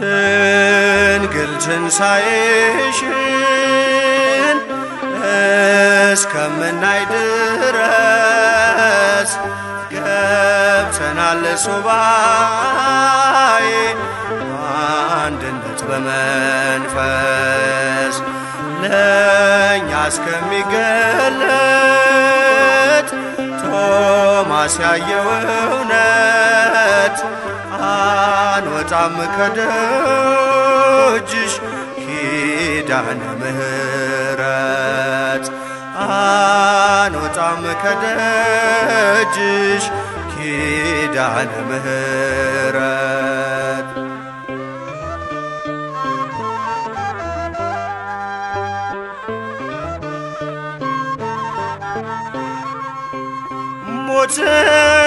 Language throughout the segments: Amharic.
ድንግል ትንሣኤሽን እስከምናይ ድረስ ገብተናል ሱባኤ አንድነት በመንፈስ ለእኛ እስከሚገለጥ ቶማስ ያየው እውነት በጣም ከደጅሽ ኪዳነ ምሕረት አንወጣም ከደጅሽ ኪዳነ ምሕረት ሞትን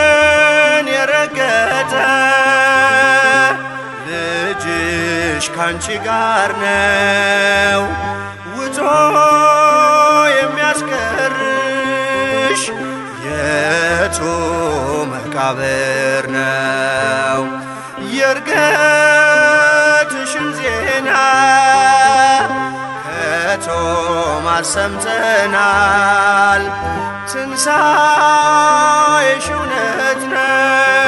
ፍቅርሽ ካንቺ ጋር ነው ውጦ የሚያስቀርሽ የቱ መቃብር ነው የእርገትሽን ዜና ከቶ ማሰምተናል ትንሣኤሽ እውነት ነው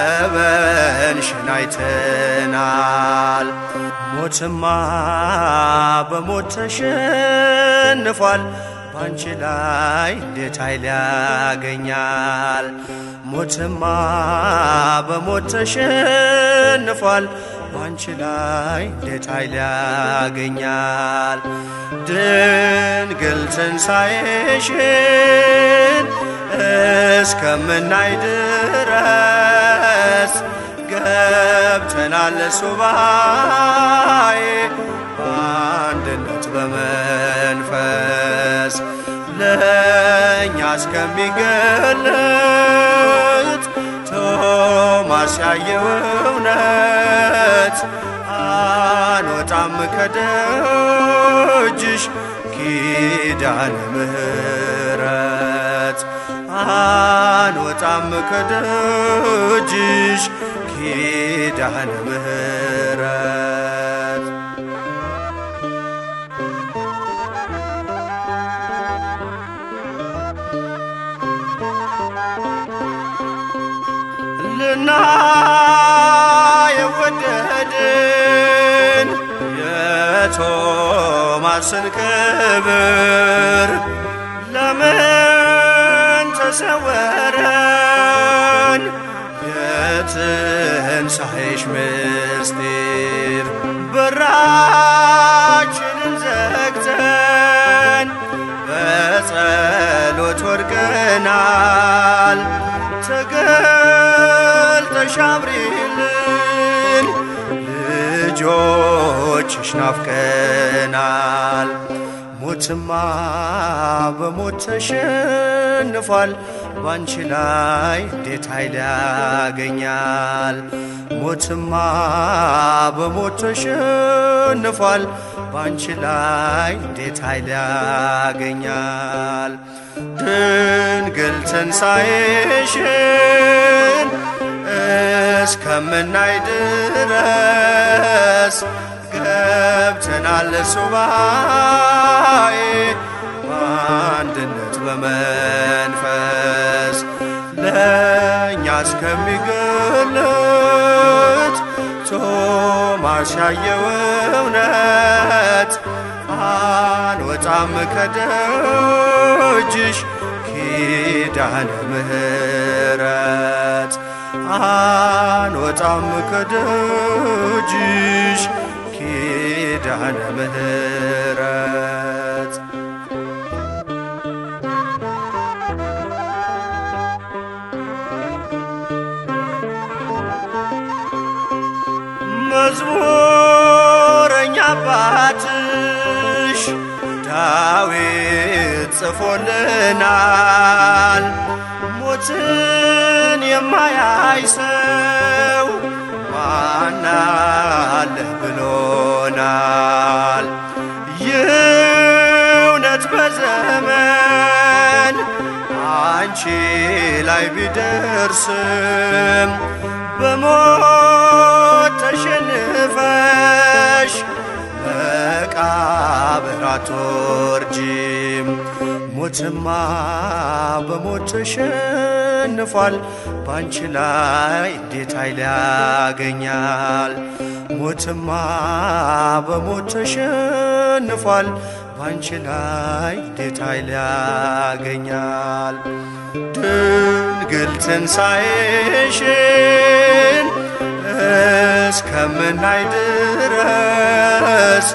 ጥበብሽን አይተናል። ሞትማ በሞት ተሸንፏል። ባንቺ ላይ እንዴት ኃይል ያገኛል? ሞትማ በሞት ተሸንፏል። ባንቺ ላይ ሌት ኃይል ያገኛል። ድንግል ትንሣኤሽን እስከምናይ ድረስ ገብተናል ሱባኤ በአንድነት በመንፈስ ለእኛ እስከሚገለጥ ማስያየው እውነት አንወጣም ከደጅሽ ኪዳነ ምሕረት አንወጣም ከደጅሽ ኪዳነ ምሕረት የወደድን የቶማስን ክብር ለምን ተሰወረን? የትንሣኤሽ ምስጢር በራችንን ዘግተን በጸሎት ወድቀናል ተገ ነሽ አብሪልን ልጆችሽ ናፍቀናል። ሞትማ በሞት ተሸንፏል፣ ባንቺ ላይ እንዴት ኃይል ያገኛል? ሞትማ በሞት ተሸንፏል፣ ባንቺ ላይ እንዴት ኃይል ያገኛል? ድንግል ትንሣኤሽን እስከምናይ ድረስ ገብተናል ሱባኤ በአንድነት በመንፈስ ለእኛ እስከሚገለጥ ቶማስ ያየው እውነት አንወጣም ከደጅሽ ኪዳነ ምህረት ወጣም ከደጅሽ ኪዳነ ምሕረት መዝሙረኛ አባትሽ ዳዊት ጽፎልናል ሞትን የማያይ ሰው ዋና አለህ ብሎናል። ይእውነት በዘመን አንቺ ላይ ቢደርስም በሞት ተሸንፈሽ መቃብር አትወርጂም ሞትማ በሞት ተሸ አሸንፏል። ባንቺ ላይ እንዴት ኃይል ያገኛል? ሞትማ በሞት ተሸንፏል። ባንቺ ላይ እንዴት ኃይል ያገኛል? ድንግል ትንሣኤሽን እስከምናይ ድረስ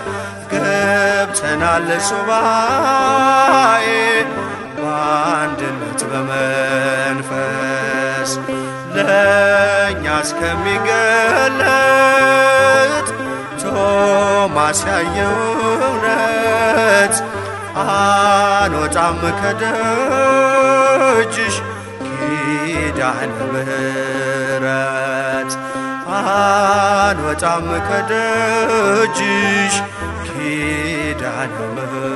ገብተናል ሱባኤ በአንድነት በመ ለእኛ እስከሚገለጥ ቶማስ ያየው እውነት አንወጣም ከደጅሽ ኪዳነ ምሕረት አንወጣም ከደጅሽ ኪዳነ ምሕረት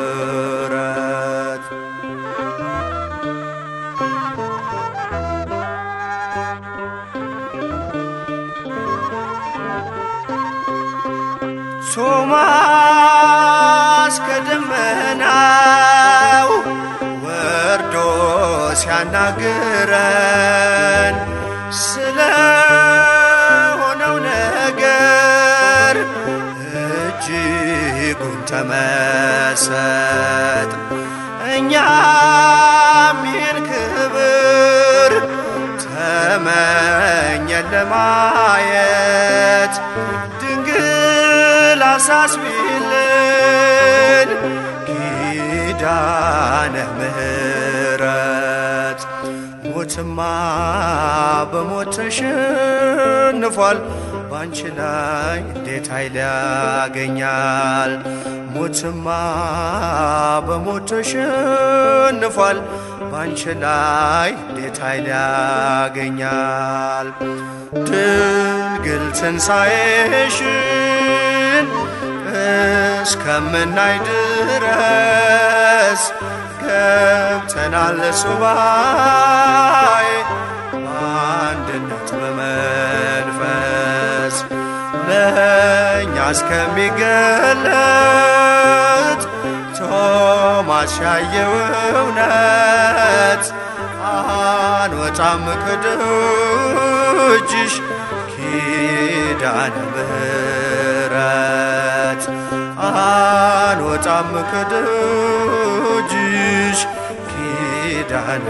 ሲያናግረን ስለ ሆነው ነገር እጅጉን ተመሰጥ እኛም ይህን ክብር ተመኘን ለማ ሞትማ በሞት ተሸንፏል ባንቺ ላይ እንዴት ኃይል ያገኛል? ሞትማ በሞት ተሸንፏል ባንቺ ላይ እንዴት ኃይል ያገኛል? ድንግል ትንሣኤሽን እስከምናይ ድረስ ገብተናል ሱባኤ አንድነት በመንፈስ ለእኛ እስከሚገለጥ ቶማስ ያየው እውነት አንወጣም ከደጅሽ ኪዳነ ምሕረት አልወጣም ከደጅሽ ኪዳነ